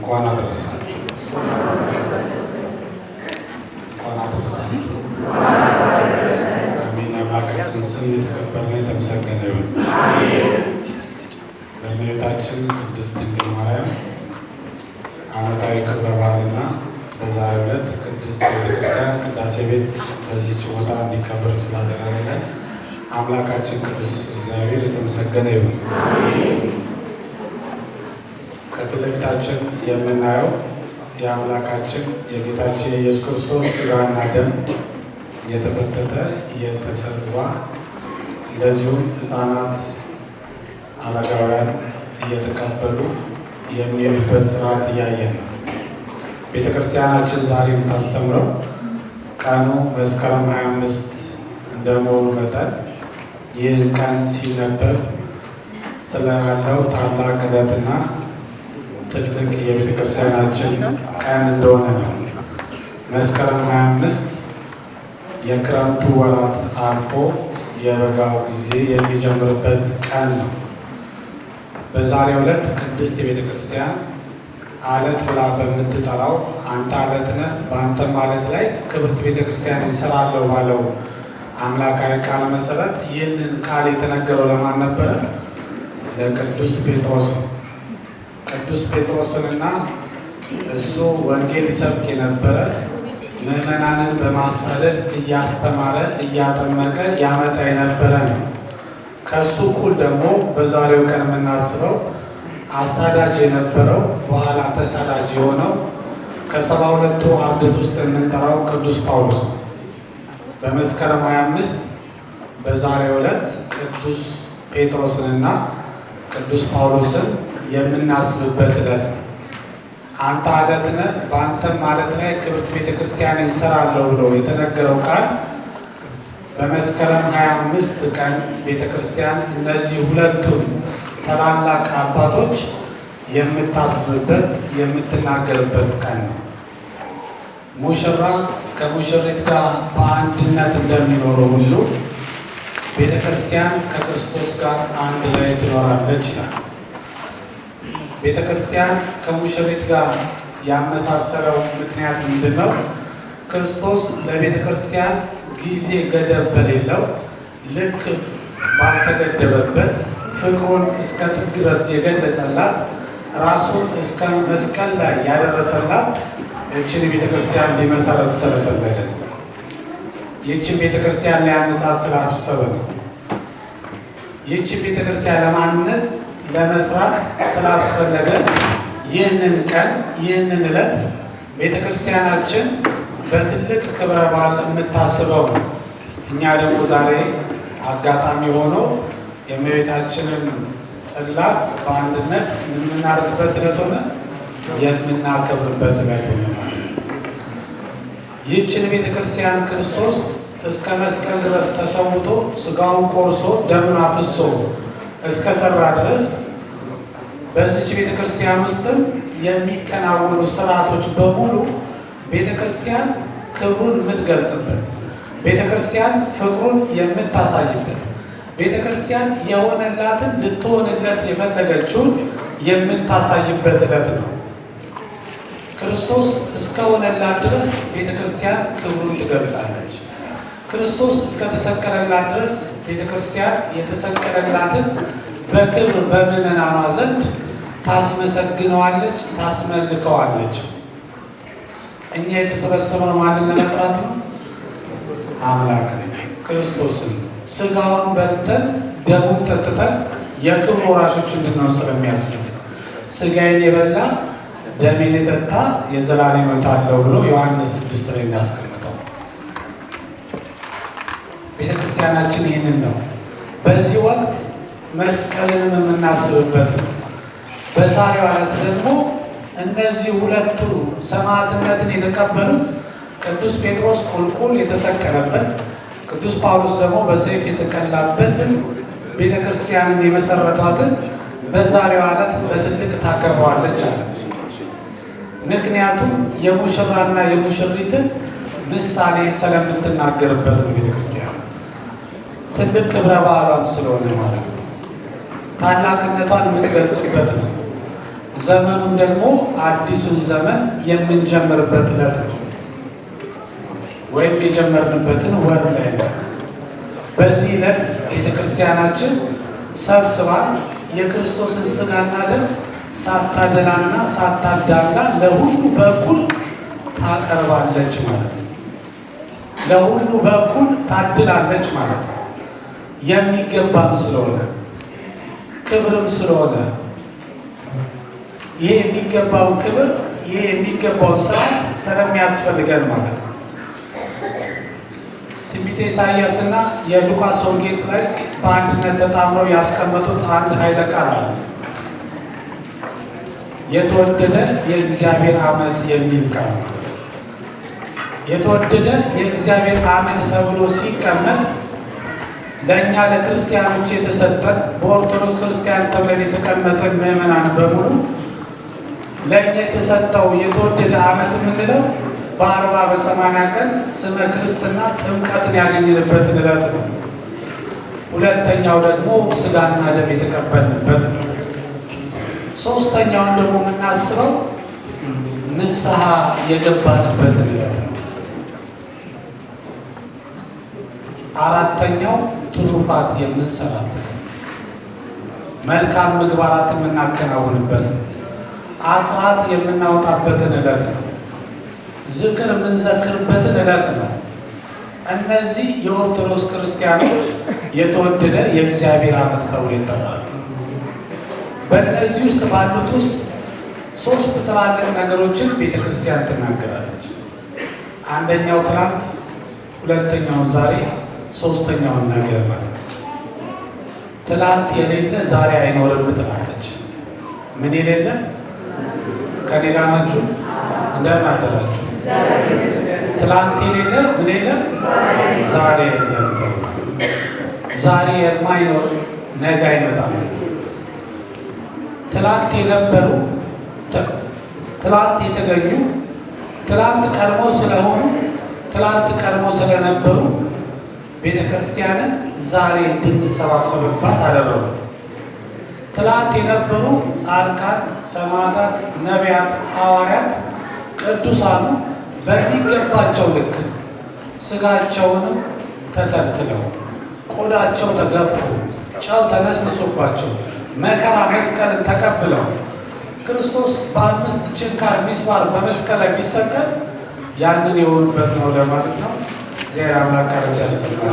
እንኳን አደረሳችሁ። እንኳን አደረሳችሁ። አሜን። አምላካችን ስም የተከበረና የተመሰገነ ይሁን። ለእመቤታችን ቅድስት ድንግል ማርያም ዓመታዊ ክብረ በዓልና በዛሬው ዕለት ቅድስት ቤተክርስቲያን ቅዳሴ ቤት በዚህች ቦታ እንዲከበር ስላደረገ አምላካችን ቅዱስ እግዚአብሔር የተመሰገነ ይሁን። ከፊት ለፊታችን የምናየው የአምላካችን የጌታችን የኢየሱስ ክርስቶስ ስጋና ደም የተፈተተ የተሰዋ እንደዚሁም ህፃናት አረጋውያን እየተቀበሉ የሚሄዱበት ስርዓት እያየን ነው። ቤተ ክርስቲያናችን ዛሬ የምታስተምረው ቀኑ መስከረም 25 እንደመሆኑ መጠን ይህን ቀን ሲነበብ ያለው ታላቅ ዕለትና ትልቅ የቤተክርስቲያናችን ቀን እንደሆነ ነው። መስከረም 25 የክረምቱ ወራት አልፎ የበጋው ጊዜ የሚጀምርበት ቀን ነው። በዛሬው ዕለት ቅድስት የቤተ አለት ብላ በምትጠራው አንተ አለት ነህ በአንተም አለት ላይ ክብርት ቤተክርስቲያን ክርስቲያን ይሰራለው ባለው አምላካዊ ቃል መሰረት ይህንን ቃል የተነገረው ለማን ነበረ? ለቅዱስ ጴጥሮስ ነው። ቅዱስ ጴጥሮስንና እሱ ወንጌል ይሰብክ የነበረ ምዕመናንን በማሳደድ እያስተማረ እያጠመቀ ያመጣ የነበረ ነው። ከእሱ እኩል ደግሞ በዛሬው ቀን የምናስበው አሳዳጅ የነበረው በኋላ ተሳዳጅ የሆነው ከሰባ ሁለቱ አርድእት ውስጥ የምንጠራው ቅዱስ ጳውሎስ በመስከረም 25 በዛሬው ዕለት ቅዱስ ጴጥሮስንና ቅዱስ ጳውሎስን የምናስብበት ዕለት ነው። አንተ አለት ነህ በአንተም ማለት ላይ ክብርት ቤተ ክርስቲያን ይሰራለሁ ብሎ የተነገረው ቃል በመስከረም 25 ቀን ቤተ ክርስቲያን እነዚህ ሁለቱን ታላላቅ አባቶች የምታስብበት የምትናገርበት ቀን ነው። ሙሽራ ከሙሽሪት ጋር በአንድነት እንደሚኖረ ሁሉ ቤተ ክርስቲያን ከክርስቶስ ጋር አንድ ላይ ትኖራለች ይላል። ቤተ ክርስቲያን ከሙሽሪት ጋር ያመሳሰለው ምክንያት ምንድን ነው? ክርስቶስ ለቤተ ክርስቲያን ጊዜ ገደብ በሌለው ልክ ባልተገደበበት ፍቅሩን እስከ ጥግ ድረስ የገለጸላት ራሱን እስከ መስቀል ላይ ያደረሰላት ይችን ቤተ ክርስቲያን ሊመሰረት ስለፈለገ ይችን ቤተ ክርስቲያን ላይ ስላሰበ ነው። ይችን ቤተ ክርስቲያን ለማንነት ለመስራት ስላስፈለገ ይህንን ቀን ይህንን ዕለት ቤተክርስቲያናችን በትልቅ ክብረ በዓል የምታስበው እኛ ደግሞ ዛሬ አጋጣሚ ሆኖ የእመቤታችንን ጽላት በአንድነት የምናደርግበት ዕለት ሆነ የምናከብርበት ዕለት ሆነ ማለት ይህችን ቤተክርስቲያን ክርስቶስ እስከ መስቀል ድረስ ተሰውቶ ስጋውን ቆርሶ ደምን አፍሶ እስከ ሰራ ድረስ በዚች ቤተ ክርስቲያን ውስጥም የሚከናወኑ ስርዓቶች በሙሉ ቤተ ክርስቲያን ክብሩን የምትገልጽበት፣ ቤተ ክርስቲያን ፍቅሩን የምታሳይበት፣ ቤተ ክርስቲያን የሆነላትን ልትሆንለት የፈለገችውን የምታሳይበት ዕለት ነው። ክርስቶስ እስከሆነላት ድረስ ቤተ ክርስቲያን ክብሩን ትገልጻለች። ክርስቶስ እስከተሰቀለላት ድረስ ቤተ ክርስቲያን የተሰቀለላትን በክብር በምዕመናኗ ዘንድ ታስመሰግነዋለች፣ ታስመልከዋለች። እኛ የተሰበሰበው ማንን ለመጥራት ነው? አምላክ ክርስቶስን ስጋውን በልተን ደሙን ጠጥተን የክብር ወራሾች እንድንሆን ስለሚያስችል ስጋዬን የበላ ደሜን የጠጣ የዘላለም ሕይወት አለው ብሎ ዮሐንስ ስድስት ላይ እንዳስቀምጠ ቤተክርስቲያናችን ይህንን ነው። በዚህ ወቅት መስቀልን የምናስብበት ነው። በዛሬው ዕለት ደግሞ እነዚህ ሁለቱ ሰማዕትነትን የተቀበሉት ቅዱስ ጴጥሮስ ቁልቁል የተሰቀለበት፣ ቅዱስ ጳውሎስ ደግሞ በሰይፍ የተቀላበትን ቤተ የመሰረቷትን በዛሬው ዕለት በትልቅ ታከብረዋለች አለ። ምክንያቱም የሙሽራና የሙሽሪትን ምሳሌ ስለምትናገርበት ነው ቤተክርስቲያን ትልቅ ክብረ በዓሏም ስለሆነ ማለት ነው። ታላቅነቷን የምንገልጽበት ነው። ዘመኑም ደግሞ አዲሱን ዘመን የምንጀምርበት ዕለት ነው ወይም የጀመርንበትን ወር ላይ ነው። በዚህ ዕለት ቤተክርስቲያናችን ሰብስባ የክርስቶስን ስጋና ደም ሳታደላና ሳታዳላ ለሁሉ በኩል ታቀርባለች ማለት ነው። ለሁሉ በኩል ታድላለች ማለት ነው። የሚገባም ስለሆነ ክብርም ስለሆነ ይህ የሚገባው ክብር ይህ የሚገባውን ስርዓት ስለሚያስፈልገን ማለት ነው። ትንቢተ ኢሳያስ እና የሉቃስ ወንጌል ላይ በአንድነት ተጣምረው ያስቀመጡት አንድ ኃይለ ቃል የተወደደ የእግዚአብሔር ዓመት የሚል ቃል የተወደደ የእግዚአብሔር ዓመት ተብሎ ሲቀመጥ ለእኛ ለክርስቲያኖች የተሰጠን በኦርቶዶክስ ክርስቲያን ተብለን የተቀመጠን ምእመናን በሙሉ ለእኛ የተሰጠው የተወደደ ዓመት የምንለው በአርባ በሰማንያ ቀን ስመ ክርስትና ጥምቀትን ያገኘንበትን ዕለት ነው። ሁለተኛው ደግሞ ስጋና ደም የተቀበልንበት ነው። ሶስተኛውን ደግሞ የምናስበው ንስሐ የገባንበትን ዕለት ነው። አራተኛው ትሩፋት የምንሰራበት መልካም ምግባራት የምናከናውንበት አስራት የምናወጣበትን ዕለት ነው። ዝክር የምንዘክርበትን ዕለት ነው። እነዚህ የኦርቶዶክስ ክርስቲያኖች የተወደደ የእግዚአብሔር ዓመት ተብሎ ይጠራሉ። በእነዚህ ውስጥ ባሉት ውስጥ ሶስት ትላልቅ ነገሮችን ቤተ ክርስቲያን ትናገራለች። አንደኛው ትናንት፣ ሁለተኛው ዛሬ ሶስተኛውን ነገር ማለት ትላንት የሌለ ዛሬ አይኖርም ትላለች። ምን የሌለ ከኔ ጋር ናችሁ? እንደምን ትላንት የሌለ ምን የለ ዛሬ የለም። ዛሬ የማይኖር ነገ አይመጣም። ትላንት የነበሩ ትላንት የተገኙ ትላንት ቀድሞ ስለሆኑ ትላንት ቀድሞ ስለነበሩ ቤተክርስቲያንን ዛሬ እንድንሰባሰብባት አደረጉ። ትላንት የነበሩ ጻድቃን፣ ሰማዕታት፣ ነቢያት፣ ሐዋርያት፣ ቅዱሳኑ በሚገባቸው ልክ ስጋቸውንም ተተልትለው ቆዳቸው ተገፉ፣ ጨው ተነስንሶባቸው መከራ መስቀልን ተቀብለው ክርስቶስ በአምስት ችንካር ሚስማር በመስቀል ላይ ቢሰቀል ያንን የሆኑበት ነው ለማለት ነው። Se I'm not gonna